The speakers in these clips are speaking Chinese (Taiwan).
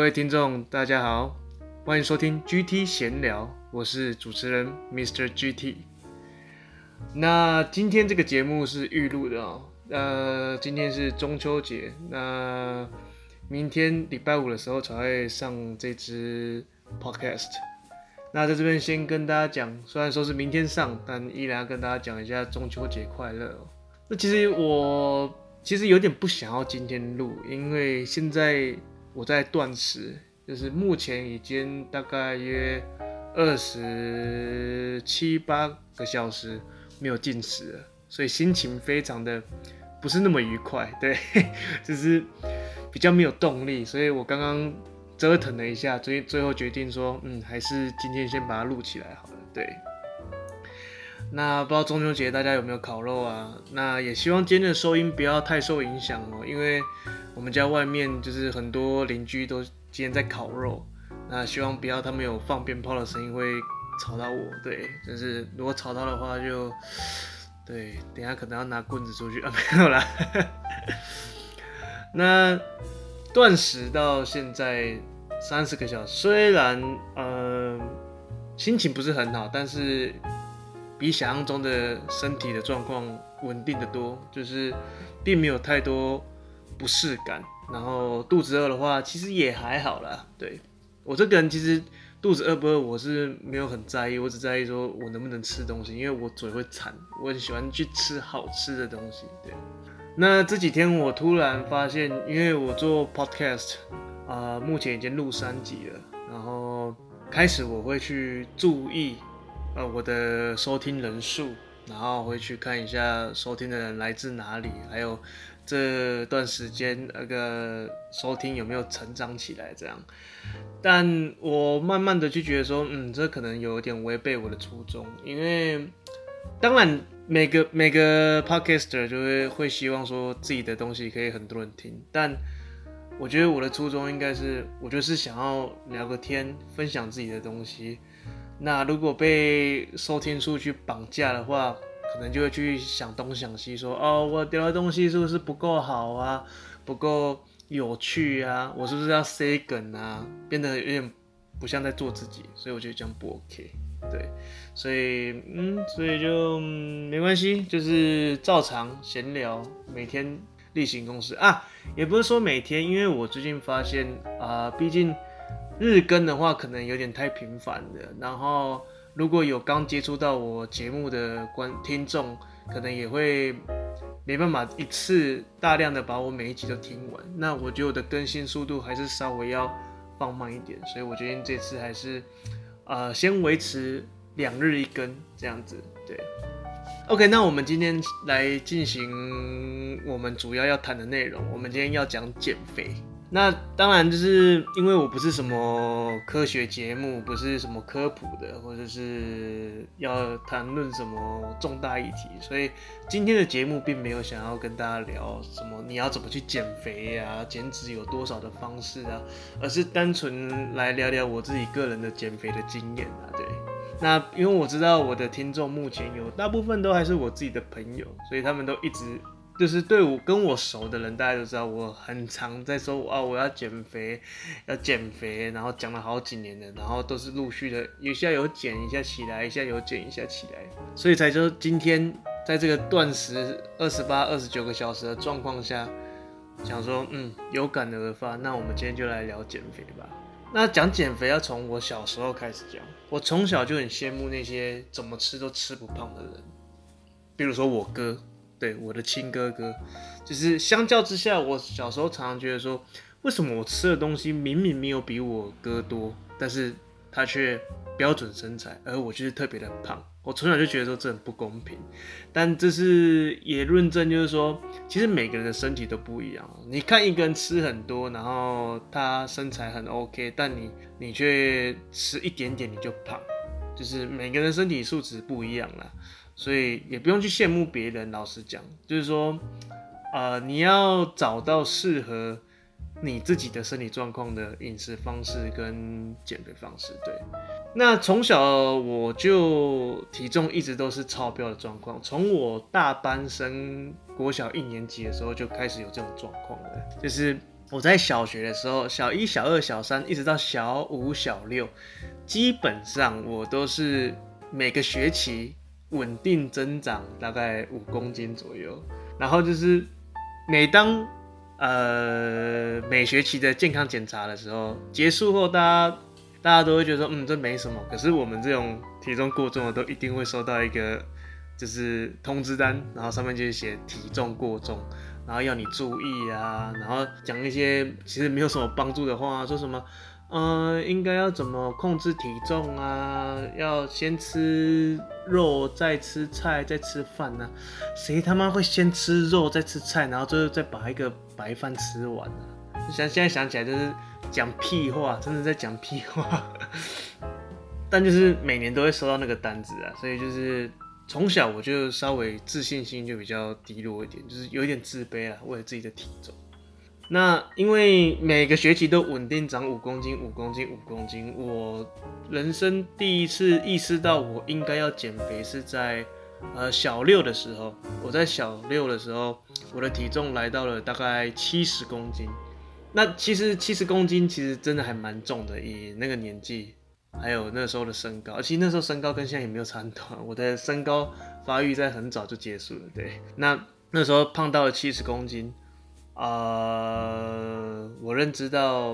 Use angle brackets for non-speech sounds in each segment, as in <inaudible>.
各位聽眾，大家好，歡迎收聽 GT 閒聊，我是主持人 Mr. GT。那今天這個節目是預錄的哦，呃，今天是中秋節，那明天禮拜五的時候才會上這支 Podcast。那在這邊先跟大家講，雖然說是明天上，但依然要跟大家講一下中秋節快樂哦。那其實我其實有點不想要今天錄，因為現在。我在斷食，就是目前已經大概約二十七八個小時沒有進食了，所以心情非常的不是那麼愉快，對，就是比較沒有動力，所以我剛剛折騰了一下，所以最後決定說，嗯，還是今天先把它錄起來好了，對。那不知道中秋節大家有沒有烤肉啊？那也希望今天的收音不要太受影響哦，因為我們家外面就是很多鄰居都今天在烤肉，那希望不要他們有放鞭炮的聲音會吵到我。對，就是如果吵到的話就，對，等下可能要拿棍子出去啊，沒有啦。 <laughs> 那斷食到現在三十個小時，雖然嗯，呃，心情不是很好，但是。比想象中的身體的狀況穩定得多，就是並沒有太多不適感。然後肚子餓的話，其實也還好啦。對。我這個人，其實肚子餓不餓我是沒有很在意，我只在意說我能不能吃東西，因為我嘴會饞，我很喜歡去吃好吃的東西。對，那這幾天我突然發現，因為我做 podcast 啊、呃，目前已經錄三集了，然後開始我會去注意。呃，我的收聽人數，然後回去看一下收聽的人來自哪裡，還有這段時間那個收聽有沒有成長起來，這樣。但我慢慢的就覺得說，嗯，這可能有點違背我的初衷，因為當然每個每個 podcaster 就會會希望說自己的東西可以很多人聽，但我覺得我的初衷應該是，我就是想要聊個天，分享自己的東西。那如果被收聽數據綁架的話，可能就會去想東想西說，說哦，我聊的東西是不是不夠好啊，不夠有趣啊，我是不是要塞梗啊，變得有點不像在做自己，所以我覺得這樣不 OK。對，所以嗯，所以就、嗯、沒關係，就是照常閒聊，每天例行公事啊，也不是說每天，因為我最近發現啊，畢、呃、竟。日更的話，可能有點太頻繁了。然後，如果有剛接觸到我節目的觀聽眾，可能也會沒辦法一次大量的把我每一集都聽完。那我覺得我的更新速度還是稍微要放慢一點，所以我決定這次還是，呃，先維持兩日一更這樣子。對，OK，那我們今天來進行我們主要要談的內容。我們今天要講減肥。那當然，就是因為我不是什麼科學節目，不是什麼科普的，或者是要談論什麼重大議題，所以今天的節目並沒有想要跟大家聊什麼你要怎麼去減肥啊，減脂有多少的方式啊，而是單純來聊聊我自己個人的減肥的經驗啊。對，那因為我知道我的聽眾目前有大部分都還是我自己的朋友，所以他們都一直。就是對我跟我熟的人，大家都知道我很常在說啊，我要減肥，要減肥，然後講了好幾年了，然後都是陸續的，一下有減一下起來，一下有減一下起來，所以才說今天在這個斷食二十八、二十九個小時的狀況下，想說嗯，有感而發，那我們今天就來聊減肥吧。那講減肥要從我小時候開始講，我從小就很羨慕那些怎麼吃都吃不胖的人，比如說我哥。對，我的親哥哥，就是相較之下，我小時候常常覺得說，為什麼我吃的東西明明沒有比我哥多，但是他卻標準身材，而我就是特別的胖。我從小就覺得說這很不公平，但這是也論證就是說，其實每個人的身體都不一樣。你看一個人吃很多，然後他身材很 OK，但你你卻吃一點點你就胖，就是每個人身體素質不一樣啦。所以也不用去羨慕別人。老實講，就是說，呃，你要找到適合你自己的身體狀況的飲食方式跟減肥方式。對，那從小我就體重一直都是超標的狀況。從我大班升國小一年級的時候就開始有這種狀況了。就是我在小學的時候，小一、小二、小三一直到小五、小六，基本上我都是每個學期。穩定增長大概五公斤左右，然後就是每當呃，每學期的健康檢查的時候結束後，大家大家都會覺得說，嗯，這沒什麼。可是我們這種體重過重的，都一定會收到一個就是通知單，然後上面就寫體重過重，然後要你注意啊，然後講一些其實沒有什麼幫助的話，說什麼。呃、嗯，應該要怎麼控制體重啊？要先吃肉，再吃菜，再吃飯呢、啊？誰他媽會先吃肉，再吃菜，然後最後再把一個白飯吃完啊？想現在想起來就是講屁話，真的在講屁話。但就是每年都會收到那個單子啊，所以就是從小我就稍微自信心就比較低落一點，就是有點自卑啊，為了自己的體重。那因為每個學期都穩定長五公斤，五公斤，五公斤。我人生第一次意識到我應該要減肥是在，呃，小六的時候。我在小六的時候，我的體重來到了大概七十公斤。那其實七十公斤其實真的還蠻重的，以那個年紀，還有那時候的身高。其實那時候身高跟現在也沒有差很多。我的身高發育在很早就結束了。對，那那時候胖到了七十公斤。呃，我認知到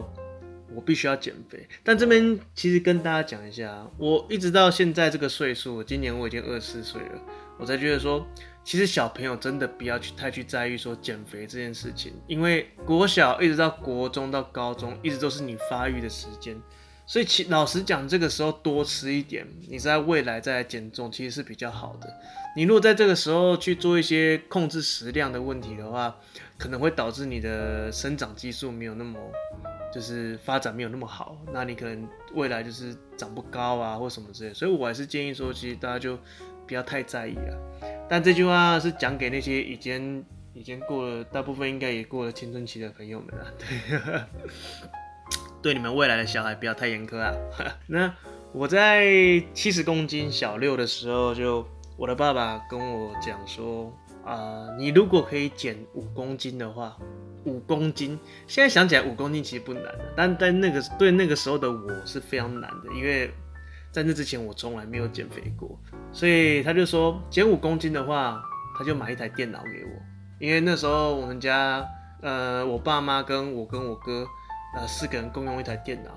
我必須要減肥，但這邊其實跟大家講一下，我一直到現在這個歲數，今年我已經二十四歲了，我才覺得說，其實小朋友真的不要去太去在意說減肥這件事情，因為國小一直到國中到高中，一直都是你發育的時間，所以其老實講，這個時候多吃一點，你在未來再來減重其實是比較好的。你如果在這個時候去做一些控制食量的問題的話，可能會導致你的生長激素沒有那麼，就是發展沒有那麼好，那你可能未來就是長不高啊，或什麼之類。所以我還是建議說，其實大家就不要太在意了、啊。但這句話是講給那些已經已經過了，大部分應該也過了青春期的朋友們啦、啊。對， <laughs> 對你們未來的小孩不要太嚴苛啊。 <laughs> 那我在七十公斤小六的時候就，就我的爸爸跟我講說。啊、呃，你如果可以減五公斤的話，五公斤，現在想起來五公斤其實不難，但但那個，對那個時候的我是非常難的，因為在那之前我從來沒有減肥過，所以他就說，減五公斤的話，他就買一台電腦給我，因為那時候我們家呃我爸媽跟我跟我哥呃四個人共用一台電腦，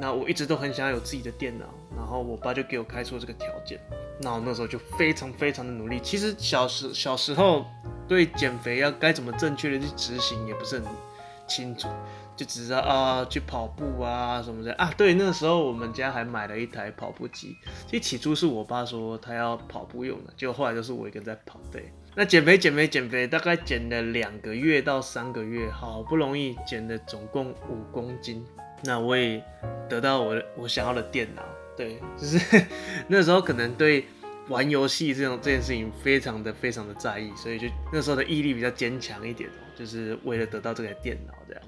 那我一直都很想要有自己的電腦，然後我爸就給我開出這個條件。那我那時候就非常非常的努力。其實小時小時候對減肥要該怎麼正確的去執行也不是很清楚，就只知道啊去跑步啊什麼的啊。對，那時候我們家還買了一台跑步機。其實起初是我爸說他要跑步用的，結果後來就是我一個人在跑。對，那減肥減肥減肥，大概減了兩個月到三個月，好不容易減了總共五公斤。那我也得到我我想要的電腦。對，就是那時候可能對玩遊戲這種這件事情非常的非常的在意，所以就那時候的毅力比較堅強一點哦，就是為了得到這台電腦這樣。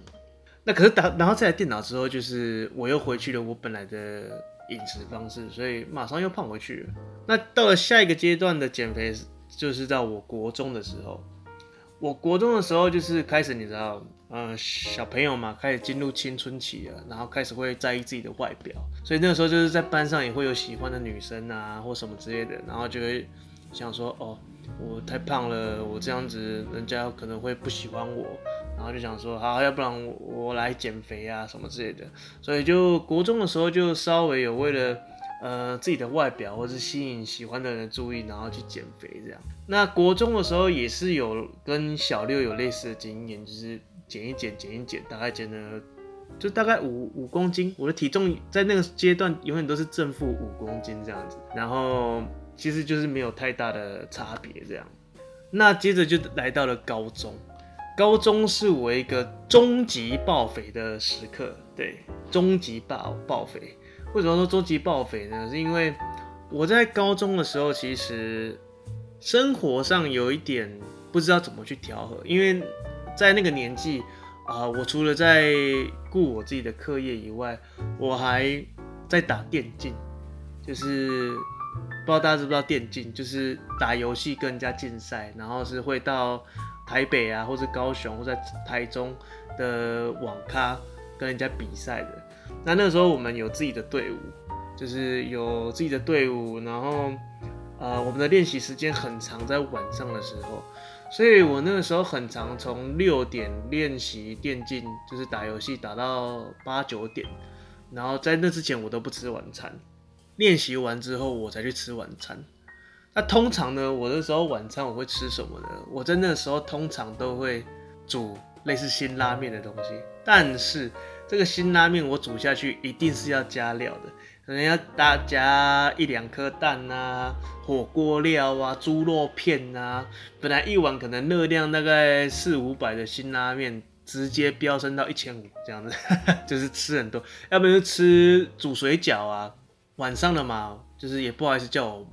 那可是打拿到這台電腦之後，就是我又回去了我本來的飲食方式，所以馬上又胖回去了。那到了下一個階段的減肥，就是到我國中的時候。我國中的時候，就是開始你知道，嗯、呃、小朋友嘛，開始進入青春期了、啊，然後開始會在意自己的外表，所以那個時候就是在班上也會有喜歡的女生啊，或什麼之類的，然後就會想說，哦，我太胖了，我這樣子人家可能會不喜歡我，然後就想說，好，要不然我，我來減肥啊什麼之類的，所以就國中的時候就稍微有為了，呃，自己的外表或是吸引喜歡的人的注意，然後去減肥這樣。那國中的時候也是有跟小六有類似的經驗，就是減一減減一減，大概減了就大概五五公斤，我的體重在那個階段永遠都是正負五公斤這樣子，然後其實就是沒有太大的差別這樣。那接着就來到了高中，高中是我一個終極暴肥的時刻，對，終極暴暴肥。為什麼說終極暴肥呢？是因為我在高中的時候其實。生活上有一點不知道怎麼去調和，因為在那個年紀啊、呃，我除了在顧我自己的課業以外，我還在打電競，就是不知道大家知不知道電競，就是打遊戲跟人家競賽，然後是會到台北啊，或者高雄或在台中的網咖跟人家比賽的。那那個時候我們有自己的隊伍，就是有自己的隊伍，然後。呃，我們的練習時間很長，在晚上的時候，所以我那個時候很常，從六點練習電競，就是打遊戲打到八九點，然後在那之前我都不吃晚餐，練習完之後我才去吃晚餐。那通常呢，我那時候晚餐我會吃什麼呢？我在那個時候通常都會煮類似辛拉面的東西，但是這個辛拉面我煮下去一定是要加料的。可能要大家一兩顆蛋啊，火鍋料啊，豬肉片啊，本來一碗可能熱量大概四五百的辛拉麵，直接飆升到一千五這樣子，就是吃很多，要不然就吃煮水餃啊。晚上的嘛，就是也不好意思叫我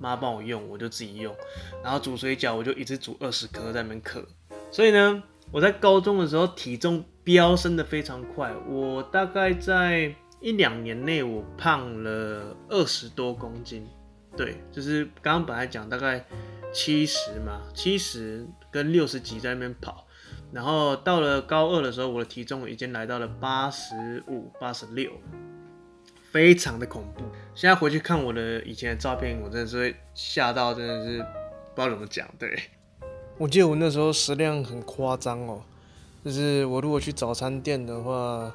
媽幫我用，我就自己用，然後煮水餃我就一直煮二十顆在那邊嗑。所以呢，我在高中的時候體重飆升的非常快，我大概在。一兩年內，我胖了二十多公斤，對，就是剛剛本來講大概七十嘛，七十跟六十幾在那邊跑，然後到了高二的時候，我的體重已經來到了八十五、八十六，非常的恐怖。現在回去看我的以前的照片，我真的是會嚇到，真的是不知道怎麼講。對，我記得我那時候食量很誇張哦，就是我如果去早餐店的話。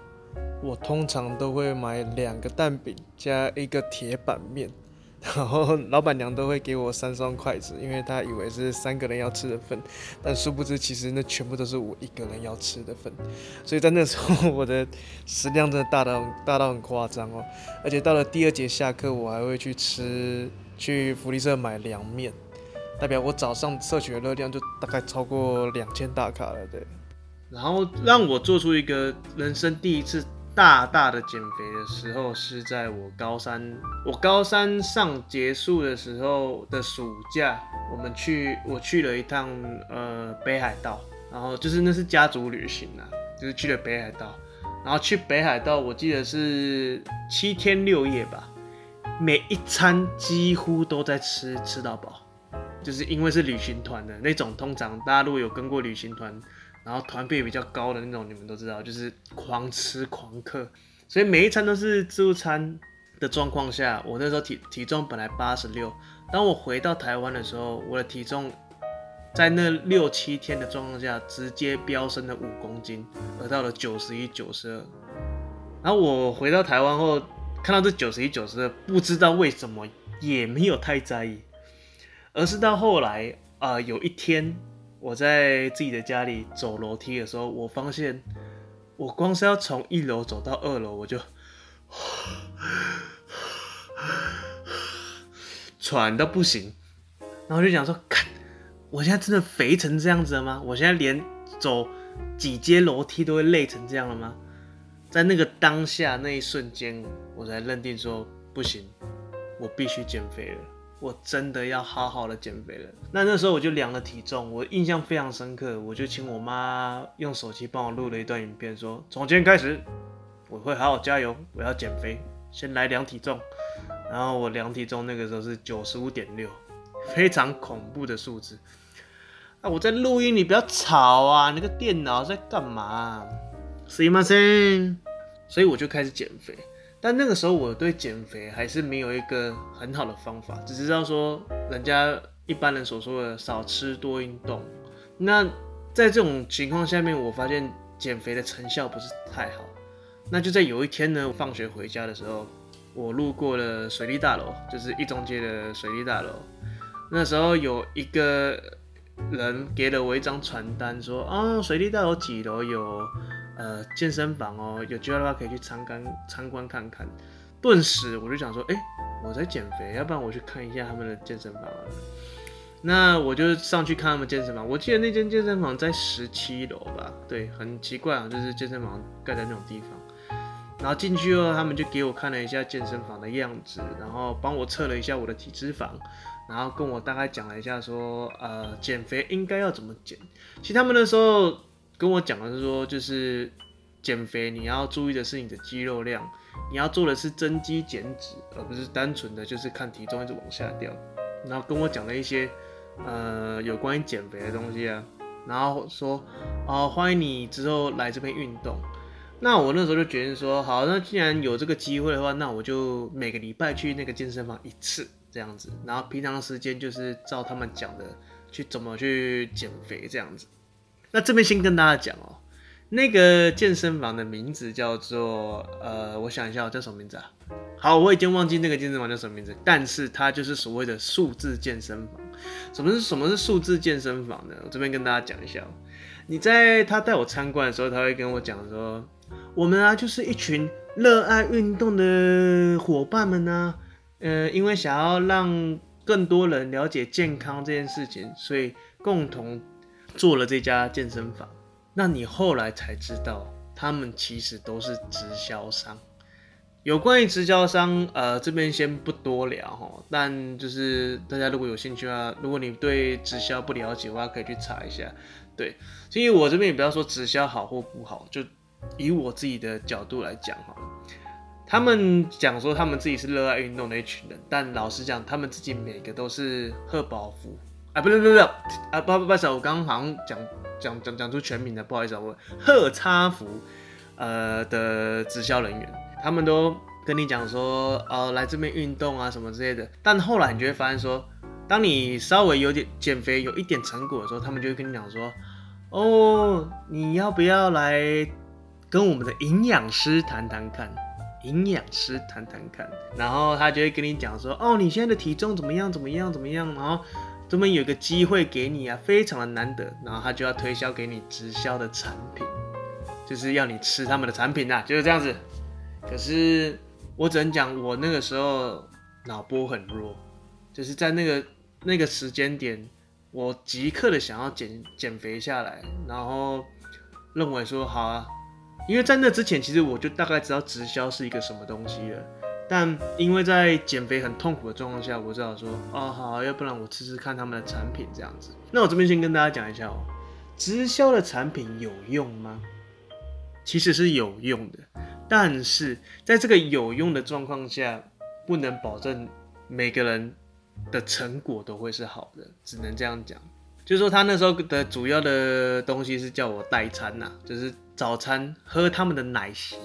我通常都會買兩個蛋餅加一個鐵板麵，然後老闆娘都會給我三雙筷子，因為她以為是三個人要吃的份，但殊不知其實那全部都是我一個人要吃的份，所以在那時候我的食量真的大到大到很誇張哦，而且到了第二節下課，我還會去吃去福利社買涼麵，代表我早上攝取的熱量就大概超過兩千大卡了，對。然後讓我做出一個人生第一次大大的減肥的時候，是在我高三，我高三上結束的時候的暑假，我們去我去了一趟呃北海道，然後就是那是家族旅行啊，就是去了北海道，然後去北海道，我記得是七天六夜吧，每一餐幾乎都在吃吃到飽，就是因為是旅行團的那種，通常大家如果有跟過旅行團。然後團費比較高的那種，你們都知道，就是狂吃狂喝，所以每一餐都是自助餐的狀況下。我那時候體體重本來八十六，當我回到台灣的時候，我的體重在那六七天的狀況下直接飆升了五公斤，而到了九十一、九十二。然後我回到台灣後，看到這九十一、九十二，不知道為什麼也沒有太在意，而是到後來啊、呃，有一天。我在自己的家裡走樓梯的時候，我發現我光是要從一樓走到二樓，我就喘到不行。然後我就想說：“看，我現在真的肥成這樣子了嗎？我現在連走幾階樓梯都會累成這樣了嗎？”在那個當下那一瞬間，我才認定說：“不行，我必須減肥了。”我真的要好好的減肥了。那那時候我就量了體重，我印象非常深刻。我就請我媽用手機幫我錄了一段影片說，說從今天開始我會好好加油，我要減肥。先來量體重，然後我量體重，那個時候是九十五點六，非常恐怖的數字。哎、啊，我在錄音，你不要吵啊！那個電腦在幹嘛、啊？不好意思。所以我就開始減肥。但那個時候我對減肥還是沒有一個很好的方法，只知道說人家一般人所說的少吃多運動。那在這種情況下面，我發現減肥的成效不是太好。那就在有一天呢，我放學回家的時候，我路過了水利大樓，就是一中街的水利大樓。那時候有一個人給了我一張傳單說，說哦，水利大樓幾樓有。呃，健身房哦，有機會的話可以去參觀參觀看看。頓時我就想說，欸，我在減肥，要不然我去看一下他們的健身房。那我就上去看他們健身房。我記得那間健身房在十七樓吧？對，很奇怪啊，就是健身房蓋在那種地方。然後進去後，他們就給我看了一下健身房的樣子，然後幫我測了一下我的體脂肪，然後跟我大概講了一下說，呃，減肥應該要怎麼減。其實他們那時候。跟我講的是說，就是減肥，你要注意的是你的肌肉量，你要做的是增肌減脂，而不是單純的就是看體重一直往下掉。然後跟我講了一些呃有關於減肥的東西啊，然後說，啊，呃，歡迎你之後來這邊運動。那我那時候就覺得說，好，那既然有這個機會的話，那我就每個禮拜去那個健身房一次這樣子，然後平常時間就是照他們講的去怎麼去減肥這樣子。那這邊先跟大家講哦，那個健身房的名字叫做呃，我想一下哦，叫什麼名字啊？好，我已經忘記那個健身房叫什麼名字，但是它就是所謂的數字健身房。什麼是什麼是數字健身房呢？我這邊跟大家講一下哦。你在他帶我參觀的時候，他會跟我講說，我們啊就是一群熱愛運動的夥伴們呢，呃，因為想要讓更多人了解健康這件事情，所以共同做了這家健身房，那你後來才知道，他們其實都是直銷商。有關於直銷商，呃，這邊先不多聊哈。但就是大家如果有興趣啊，如果你對直銷不了解的話，可以去查一下。對，所以，我這邊也不要說直銷好或不好，就以我自己的角度來講哈。他們講說他們自己是熱愛運動的一群人，但老實講，他們自己每個都是賀寶芙。啊、哎，不不不不，啊，不不不，我剛剛好像講講講講出全名了，不好意思啊，我赫差福，呃的直銷人員，他們都跟你講說，哦，來這邊運動啊什麼之類的，但後來你就會發現說，當你稍微有點減肥有一點成果的時候，他們就會跟你講說，哦，你要不要來跟我們的營養師談談看，營養師談談看，然後他就會跟你講說，哦，你現在的體重怎麼樣怎麼樣怎麼樣，然後。他們有個機會給你啊，非常的難得，然後他就要推銷給你直銷的產品，就是要你吃他們的產品啊，就是這樣子。可是我只能講，我那個時候腦波很弱，就是在那個那個時間點，我即刻的想要減減肥下來，然後認為說好啊，因為在那之前，其實我就大概知道直銷是一個什麼東西了。但因為在減肥很痛苦的狀況下，我只好說哦，好，要不然我吃吃看他們的產品這樣子。那我這邊先跟大家講一下哦，直銷的產品有用嗎？其實是有用的，但是在這個有用的狀況下，不能保證每個人的成果都會是好的，只能這樣講。就是說，他那時候的主要的東西是叫我代餐啊，就是早餐喝他們的奶昔。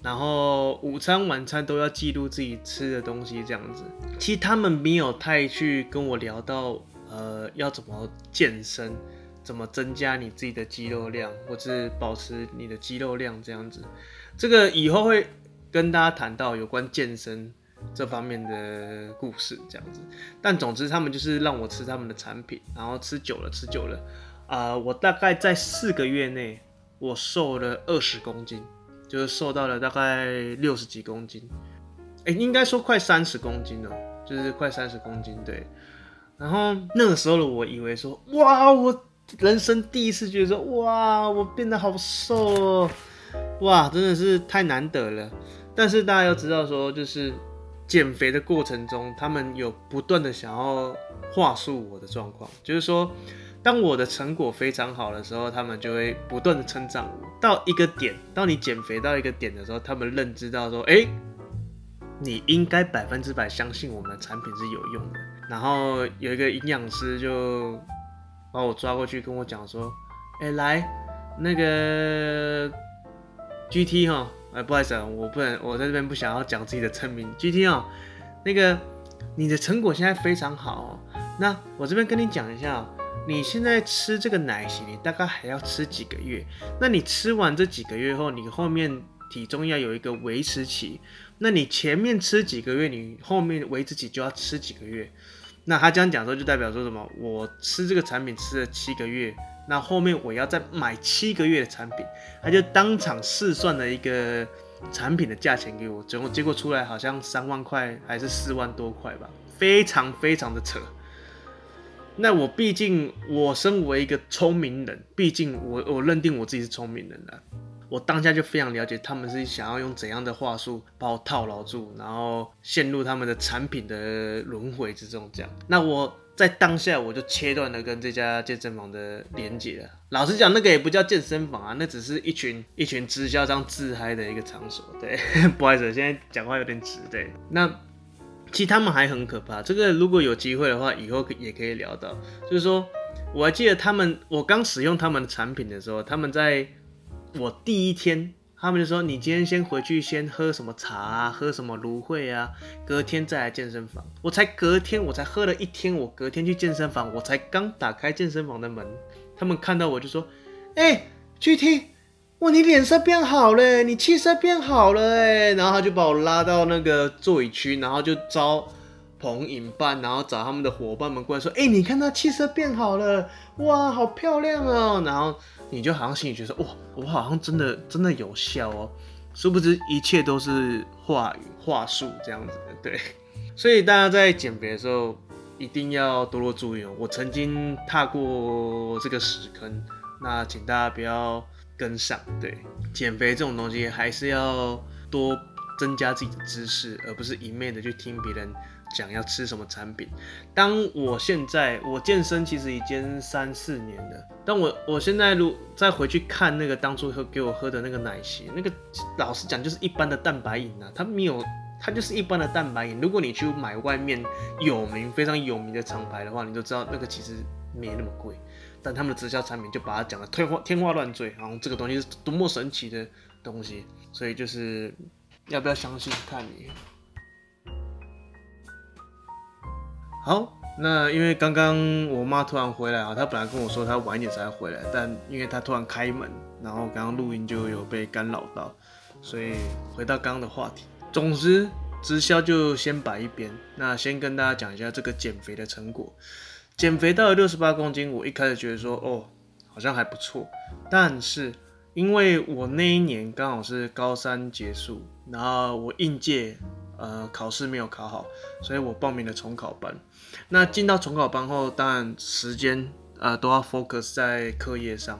然後午餐、晚餐都要記錄自己吃的東西，這樣子。其實他們沒有太去跟我聊到，呃，要怎麼健身，怎麼增加你自己的肌肉量，或是保持你的肌肉量這樣子。這個以後會跟大家談到有關健身這方面的故事，這樣子。但總之，他們就是讓我吃他們的產品，然後吃久了，吃久了，啊，我大概在四個月內，我瘦了二十公斤。就是瘦到了大概六十幾公斤，哎、欸，應該說快三十公斤了喔。就是快三十公斤。對，然後那個時候的我以為說，哇，我人生第一次覺得說，哇，我變得好瘦喔，哇，真的是太難得了。但是大家要知道說，就是減肥的過程中，他們有不斷的想要話術我的狀況，就是說。當我的成果非常好的時候，他們就會不斷的成長。到一個點，當你減肥到一個點的時候，他們認知到說：“哎，你應該百分之百相信我們的產品是有用的。”然後有一個營養師就把我抓過去，跟我講說：“哎，來，那個 G T 哈、哎，不好意思、啊，我不能，我在這邊不想要講自己的真名。G T 啊，那個你的成果現在非常好，那我這邊跟你講一下。”你現在吃這個奶昔，你大概還要吃幾個月？那你吃完這幾個月後，你後面體重要有一個維持期。那你前面吃幾個月，你後面維持期就要吃幾個月。那他這樣講說，就代表說什麼？我吃這個產品吃了七個月，那後，後面我要再買七個月的產品，他就當場試算了一個產品的價錢給我，結果結果出來好像三萬塊還是四萬多塊吧，非常非常的扯。那我畢竟，我身為一個聰明人，畢竟我我認定我自己是聰明人的啊，我當下就非常了解他們是想要用怎樣的話術把我套牢住，然後陷入他們的產品的輪回之中。這樣，那我在當下我就切斷了跟這家健身房的連接了。老實講，那個也不叫健身房啊，那只是一群一群直銷商自嗨的一個場所。對， <laughs> 不好意思，現在講話有點直。對，那。其實他們還很可怕。這個如果有機會的話，以後可也可以聊到。就是說，我還記得他們，我剛使用他們的產品的時候，他們在我第一天，他們就說：“你今天先回去，先喝什麼茶啊，喝什麼蘆薈啊。”隔天再來健身房。我才隔天，我才喝了一天，我隔天去健身房，我才剛打開健身房的門，他們看到我就說：“哎、欸，具體。”哇，你臉色變好了，你氣色變好了哎，然後他就把我拉到那個座椅區，然後就招朋引伴，然後找他們的夥伴們過來說：“哎、欸，你看他氣色變好了，哇，好漂亮啊、喔！”然後你就好像心裡覺得說：“哇，我好像真的真的有效哦、喔。”殊不知一切都是話語話術這樣子的，對。所以大家在減別的時候一定要多多注意哦、喔。我曾經踏過這個屎坑，那請大家不要。跟上，對，減肥這種東西還是要多增加自己的知識，而不是一昧的去聽別人講要吃什麼產品。當我現在我健身其實已經三四年了，但我我現在如再回去看那個當初喝給我喝的那個奶昔，那個老實講就是一般的蛋白飲啊，它沒有，它就是一般的蛋白飲。如果你去買外面有名，非常有名的廠牌的話，你都知道那個其實沒那麼貴。但他們的直銷產品就把它講的天花天花亂墜，然後這個東西是多麼神奇的東西，所以就是要不要相信看你。好，那因為剛剛我媽突然回來啊，她本來跟我說她晚一點才回來，但因為她突然開門，然後剛剛錄音就有被干擾到，所以回到剛剛的話題，總之直銷就先擺一邊，那先跟大家講一下這個減肥的成果。減肥到了六十八公斤，我一開始覺得說哦，好像還不錯。但是因為我那一年剛好是高三結束，然後我應屆，呃，考試沒有考好，所以我報名了重考班。那進到重考班後，當然時間呃都要 focus 在課業上。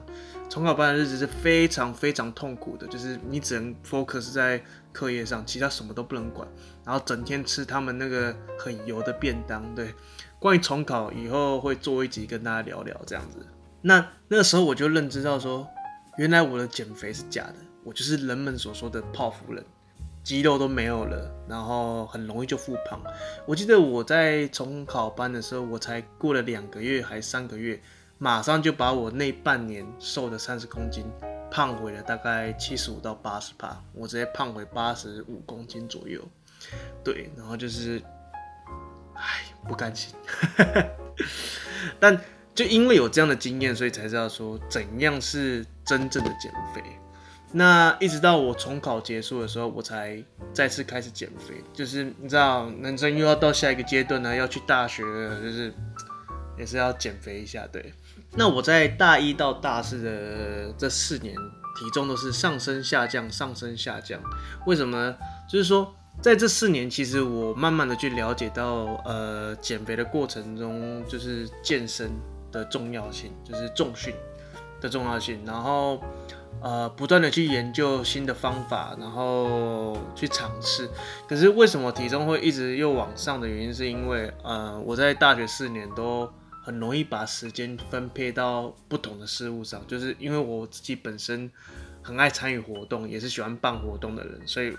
重考班的日子是非常非常痛苦的，就是你只能 focus 在課業上，其他什麼都不能管，然後整天吃他們那個很油的便當，對。關於重考，以後會做一集跟大家聊聊這樣子那。那那個時候我就認知到說，原來我的減肥是假的，我就是人們所說的泡芙人，肌肉都沒有了，然後很容易就復胖。我記得我在重考班的時候，我才過了兩個月還三個月，馬上就把我那半年瘦的三十公斤胖回了，大概七十五到八十趴，我直接胖回八十五公斤左右。對，然後就是。哎，不甘心。 <laughs> 但就因為有這樣的經驗，所以才知道說怎樣是真正的減肥。那一直到我重考結束的時候，我才再次開始減肥。就是你知道，男生又要到下一個階段呢，要去大學了，就是也是要減肥一下。對。那我在大一到大四的這四年，體重都是上升下降、上升下降。為什麼呢？就是說。在這四年，其實我慢慢的去了解到，呃，減肥的過程中就是健身的重要性，就是重訓的重要性，然後呃，不斷的去研究新的方法，然後去嘗試。可是為什麼體重會一直又往上的原因，是因為呃，我在大學四年都很容易把時間分配到不同的事物上，就是因為我自己本身很愛參與活動，也是喜歡辦活動的人，所以。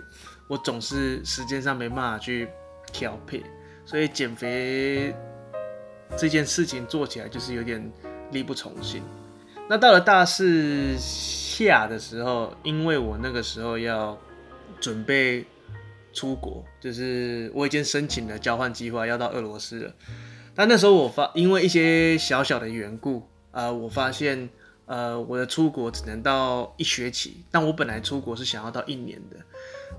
我總是時間上沒辦法去調配，所以減肥這件事情做起來就是有點力不從心。那到了大四下的時候，因為我那個時候要準備出國，就是我已經申請了交換計劃要到俄羅斯了。但那時候我發，因為一些小小的緣故，呃，我發現，呃，我的出國只能到一學期，但我本來出國是想要到一年的。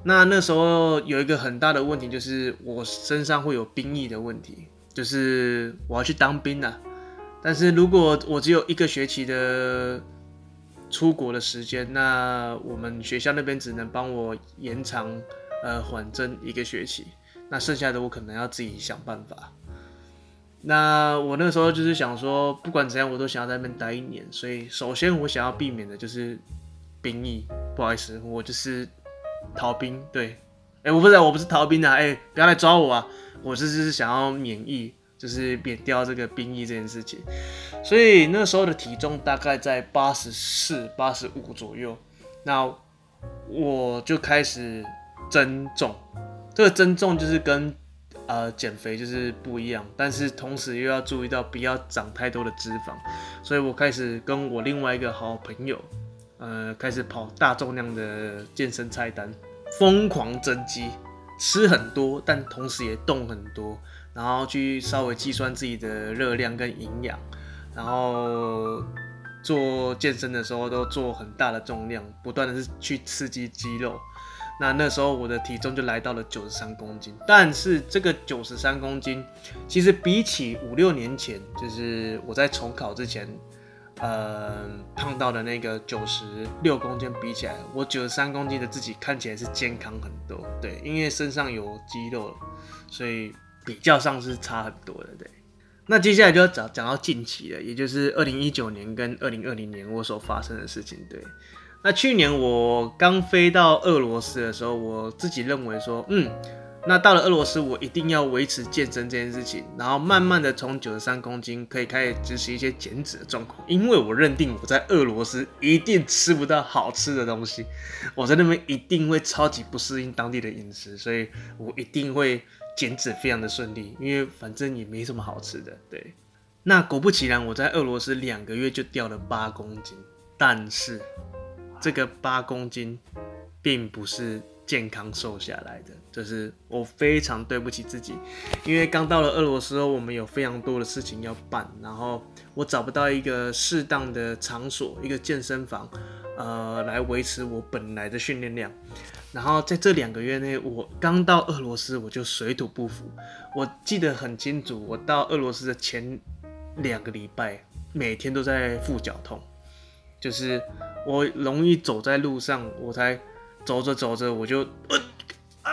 那那時候有一個很大的問題，就是我身上會有兵役的問題，就是我要去當兵啊，但是如果我只有一個學期的出國的時間，那我們學校那邊只能幫我延長呃緩徵一個學期，那剩下的我可能要自己想辦法。那我那個時候就是想說，不管怎樣，我都想要在那邊待一年。所以首先我想要避免的就是兵役。不好意思，我就是。逃兵。對，哎、欸，我不是、啊，我不是逃兵啊，哎、欸，不要來抓我啊！我是是想要免役，就是免掉這個兵役這件事情。所以那時候的體重大概在八十四、八十五左右，那我就開始增重。這個增重就是跟呃減肥就是不一樣，但是同時又要注意到不要長太多的脂肪，所以我開始跟我另外一個好朋友。呃，開始跑大重量的健身菜單，瘋狂增肌，吃很多，但同時也動很多，然後去稍微計算自己的熱量跟營養，然後做健身的時候都做很大的重量，不斷的是去刺激肌肉。那那時候我的體重就來到了九十三公斤，但是這個九十三公斤其實比起五六年前，就是我在重考之前。呃、嗯，胖到的那個九十六公斤比起來，我九十三公斤的自己看起來是健康很多。對，因為身上有肌肉了，所以比較上是差很多的。對，那接下來就要講講到近期了，也就是二零一九年跟二零二零年我所發生的事情。對，那去年我剛飛到俄羅斯的時候，我自己認為說，嗯。那到了俄羅斯，我一定要維持健身這件事情，然後慢慢的從九十三公斤可以開始執行一些減脂的狀況，因為我認定我在俄羅斯一定吃不到好吃的東西，我在那邊一定會超級不適應當地的飲食，所以我一定會減脂非常的順利，因為反正也沒什麼好吃的。對，那果不其然，我在俄羅斯兩個月就掉了八公斤，但是這個八公斤並不是。健康瘦下來的，就是我非常對不起自己，因為剛到了俄羅斯我們有非常多的事情要辦，然後我找不到一個適當的場所，一個健身房，呃，來維持我本來的訓練量。然後在這兩個月內，我剛到俄羅斯，我就水土不服。我記得很清楚，我到俄羅斯的前兩個禮拜，每天都在腹絞痛，就是我容易走在路上，我才。走着走着，我就、呃，啊，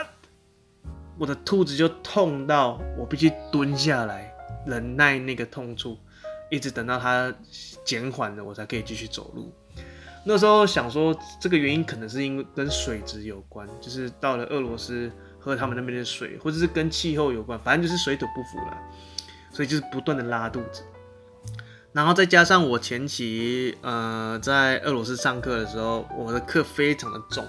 我的肚子就痛到我必須蹲下來忍耐那個痛處，一直等到它減緩了，我才可以繼續走路。那時候想說，這個原因可能是因為跟水質有關，就是到了俄羅斯喝他們那邊的水，或者是跟氣候有關，反正就是水土不服了，所以就是不斷的拉肚子。然後再加上我前期呃在俄羅斯上課的時候，我的課非常的重。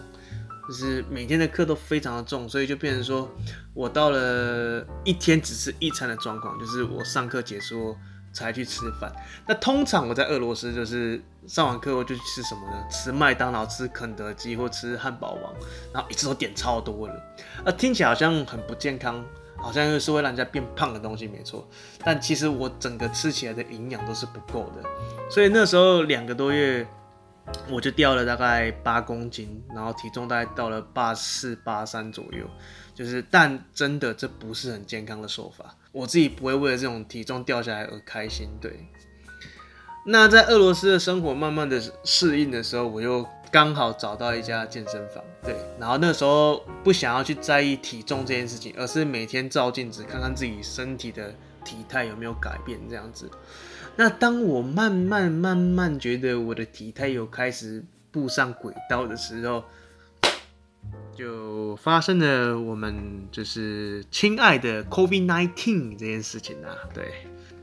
就是每天的課都非常的重，所以就變成說我到了一天只吃一餐的狀況，就是我上課結束才去吃飯。那通常我在俄羅斯就是上完課我就去吃什麼呢？吃麥當勞、吃肯德基或吃漢堡王，然後一直都點超多的。那，聽起來好像很不健康，好像又是會讓人家變胖的東西，沒錯。但其實我整個吃起來的營養都是不夠的，所以那時候兩個多月。我就掉了大概八公斤，然後體重大概到了八四八三左右，就是，但真的這不是很健康的說法，我自己不會為了這種體重掉下來而開心。對，那在俄羅斯的生活慢慢的適應的時候，我又剛好找到一家健身房，對，然後那時候不想要去在意體重這件事情，而是每天照鏡子看看自己身體的。體態有沒有改變？這樣子，那當我慢慢慢慢覺得我的體態有開始步上軌道的時候，就發生了我們就是親愛的 COVID-19 這件事情啊。對，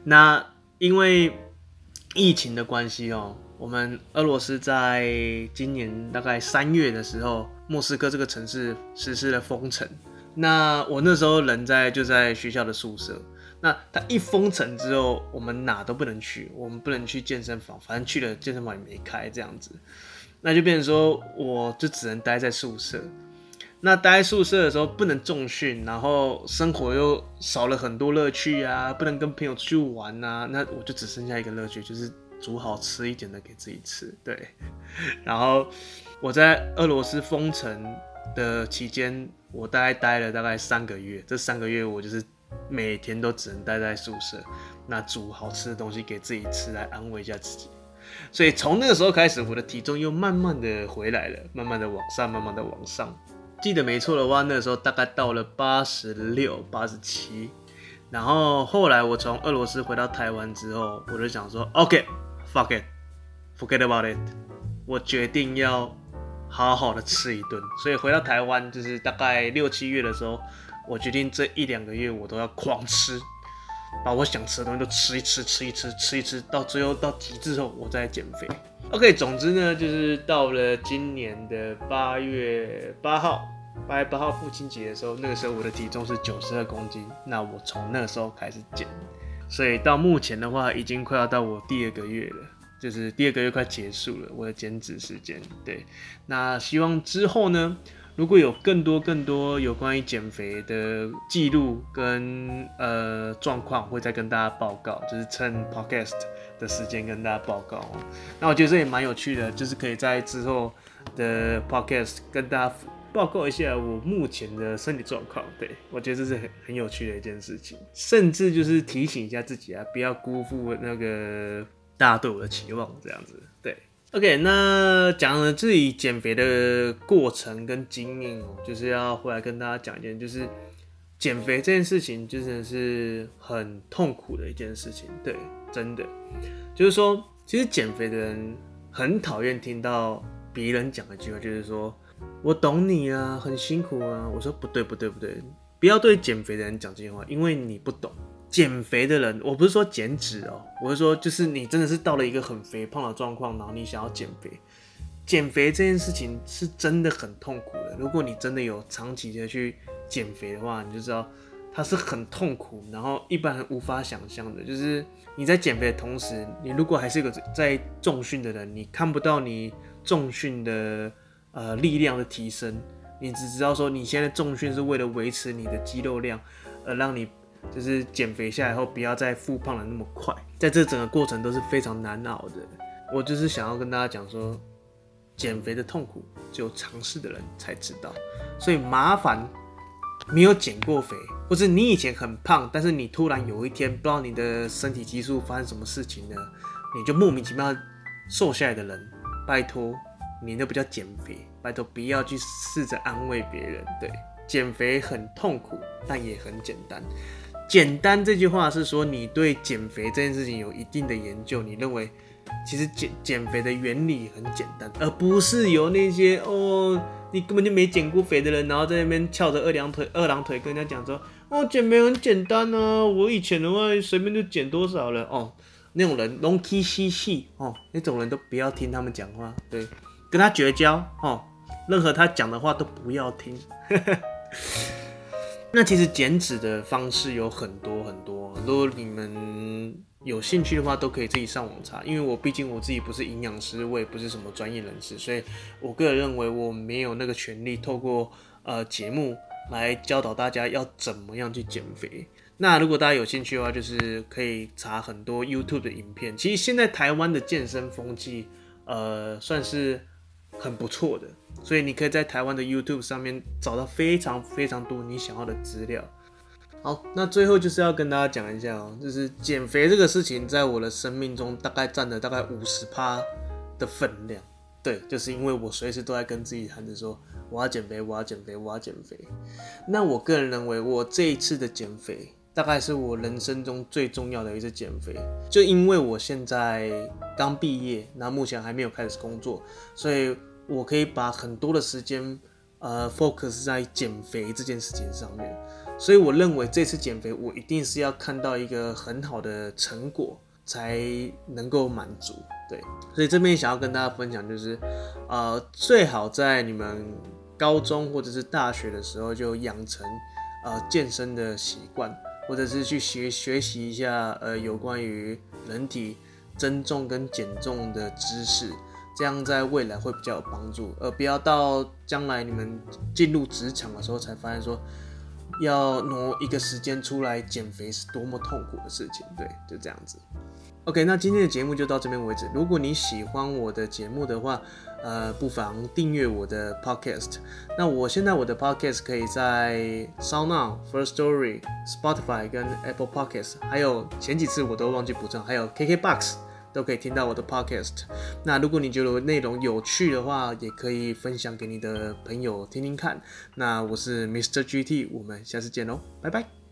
那因為疫情的關係哦、喔，我們俄羅斯在今年大概三月的時候，莫斯科這個城市實施了封城。那我那時候人在就在學校的宿舍。那它一封城之後，我們哪都不能去，我們不能去健身房，反正去了健身房也沒開，這樣子，那就變成說，我就只能待在宿舍。那待在宿舍的時候，不能重訓，然後生活又少了很多樂趣啊，不能跟朋友出去玩啊，那我就只剩下一個樂趣，就是煮好吃一點的給自己吃。對，然後我在俄羅斯封城的期間，我大概待了大概三個月，這三個月我就是。每天都只能待在宿舍，那煮好吃的東西給自己吃來安慰一下自己。所以從那個時候開始，我的體重又慢慢的回來了，慢慢的往上，慢慢的往上。記得沒錯的話，那個時候大概到了八十六、八十七。然後後來我從俄羅斯回到台灣之後，我就想說，OK，fuck it，forget about it，我決定要好好的吃一頓。所以回到台灣就是大概六七月的時候。我決定這一兩個月我都要狂吃，把我想吃的東西都吃一吃，吃一吃，吃一吃，到最後到極致後，我再減肥。OK，總之呢，就是到了今年的八月八號，八月八號父親節的時候，那個時候我的體重是九十二公斤，那我從那個時候開始減，所以到目前的話，已經快要到我第二個月了，就是第二個月快結束了，我的減脂時間。對，那希望之後呢，如果有更多更多有關於減肥的記錄跟呃狀況，會再跟大家報告，就是趁 podcast 的時間跟大家報告。那我覺得這也蠻有趣的，就是可以在之後的 podcast 跟大家報告一下我目前的身體狀況。對，我覺得這是很很有趣的一件事情，甚至就是提醒一下自己啊，不要辜負那個大家對我的期望，這樣子對。OK，那講了自己減肥的過程跟經驗哦，就是要回來跟大家講一件，就是減肥這件事情真的是很痛苦的一件事情，對，真的，就是說，其實減肥的人很討厭聽到別人講一句話，就是說我懂你啊，很辛苦啊。我說不對不對不對，不要對減肥的人講這些話，因為你不懂。減肥的人，我不是說減脂哦，我是說就是你真的是到了一個很肥胖的狀況，然後你想要減肥，減肥這件事情是真的很痛苦的。如果你真的有長期的去減肥的話，你就知道它是很痛苦，然後一般人無法想象的。就是你在減肥的同時，你如果還是一個在重訓的人，你看不到你重訓的呃力量的提升，你只知道說你現在重訓是為了維持你的肌肉量，而讓你。就是減肥下來後，不要再復胖的那麼快，在這整個過程都是非常難熬的。我就是想要跟大家講說，減肥的痛苦只有嘗試的人才知道。所以麻煩沒有減過肥，或是你以前很胖，但是你突然有一天不知道你的身體激素發生什麼事情呢？你就莫名其妙瘦下來的人，拜托你那不叫減肥，拜托不要去試着安慰別人。對，減肥很痛苦，但也很簡單。簡單這句話是說，你對減肥這件事情有一定的研究，你認為其實減減肥的原理很簡單，而不是由那些哦，你根本就沒減過肥的人，然後在那邊翹着二兩腿，二郎腿跟人家講說，哦，減肥很簡單啊，我以前的話隨便就減多少了哦，那種人，龍七七七哦，那種人都不要聽他們講話，對，跟他絕交哦，任何他講的話都不要聽。呵呵那其實減脂的方式有很多很多，如果你們有興趣的話，都可以自己上網查。因為我畢竟我自己不是營養師，我也不是什麼專業人士，所以我個人認為我沒有那個權利透過呃節目來教導大家要怎麼樣去減肥。那如果大家有興趣的話，就是可以查很多 YouTube 的影片。其實現在台灣的健身風氣，呃，算是很不錯的。所以你可以在台灣的 YouTube 上面找到非常非常多你想要的資料。好，那最後就是要跟大家講一下哦，就是減肥這個事情，在我的生命中大概占了大概五十趴的分量。對，就是因為我隨時都在跟自己談着說，我要減肥，我要減肥，我要減肥。那我個人認為，我這一次的減肥，大概是我人生中最重要的一次減肥，就因為我現在剛畢業，那目前還沒有開始工作，所以，我可以把很多的時間，呃，focus 在減肥這件事情上面，所以我認為這次減肥，我一定是要看到一個很好的成果才能夠滿足。對，所以這邊想要跟大家分享就是，呃，最好在你們高中或者是大學的時候就養成呃健身的習慣，或者是去學學習一下呃有關於人體增重跟減重的知識。這樣在未來會比較有幫助，而、呃、不要到將來你們進入職場的時候才發現說，要挪一個時間出來減肥是多麼痛苦的事情。對，就這樣子。OK，那今天的節目就到這邊為止。如果你喜歡我的節目的話，呃，不妨訂閱我的 Podcast。那我現在我的 Podcast 可以在 SoundOn、First Story、Spotify 跟 Apple Podcast，還有前幾次我都忘記補充，還有 KKBox。都可以聽到我的 podcast。那如果你覺得內容有趣的話，也可以分享給你的朋友聽聽看。那我是 Mr. GT，我們下次見哦，拜拜。